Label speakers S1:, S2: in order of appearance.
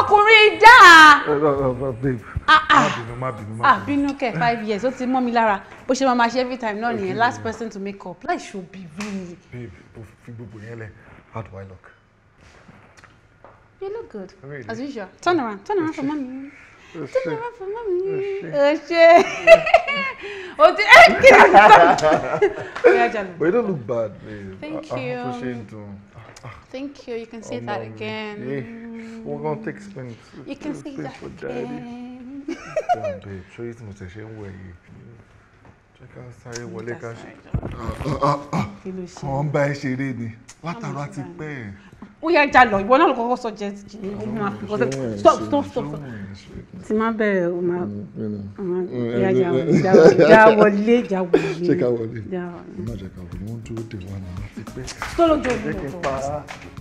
S1: ọkùnrin dáa. àbínú kẹ five years ó ti mọ́ mi lára bó ṣe máa ma ṣe every time náà nìyẹn last person to make up láì ṣòbí really. babe o fi gbogbo yẹn lẹ how do I look. you look good really? as usual turn around turn around for mommy turn around for mommy ọṣẹ ọtí ẹ kí ni sọ. but you don't look bad babe. thank ah, ah, you ah, thank you you can say that again. Yeah. We're gonna take spend. You can see that. for daddy. Damn, babe, show you some ṣẹ̀ṣẹ̀ ń wẹ̀ yìí. Jẹ́ ká sáré wọlé ká ṣe. Kàn bá ẹ ṣeré ni, látara ti pẹ́ ẹ̀. Ó yá já lọ, ìwọ náà ló kọ́kọ́ sọ jẹ́ jìnnì ọmọ Stop stop stop. Ti máa bẹ̀rẹ̀ o máa mm, mm, yeah, yeah. já wọlé. Ṣé ká wọlé? Má jẹ́ ká wọlé, wọ́n dúró dè wá ní láti pẹ́. Tó lójú omi lọ.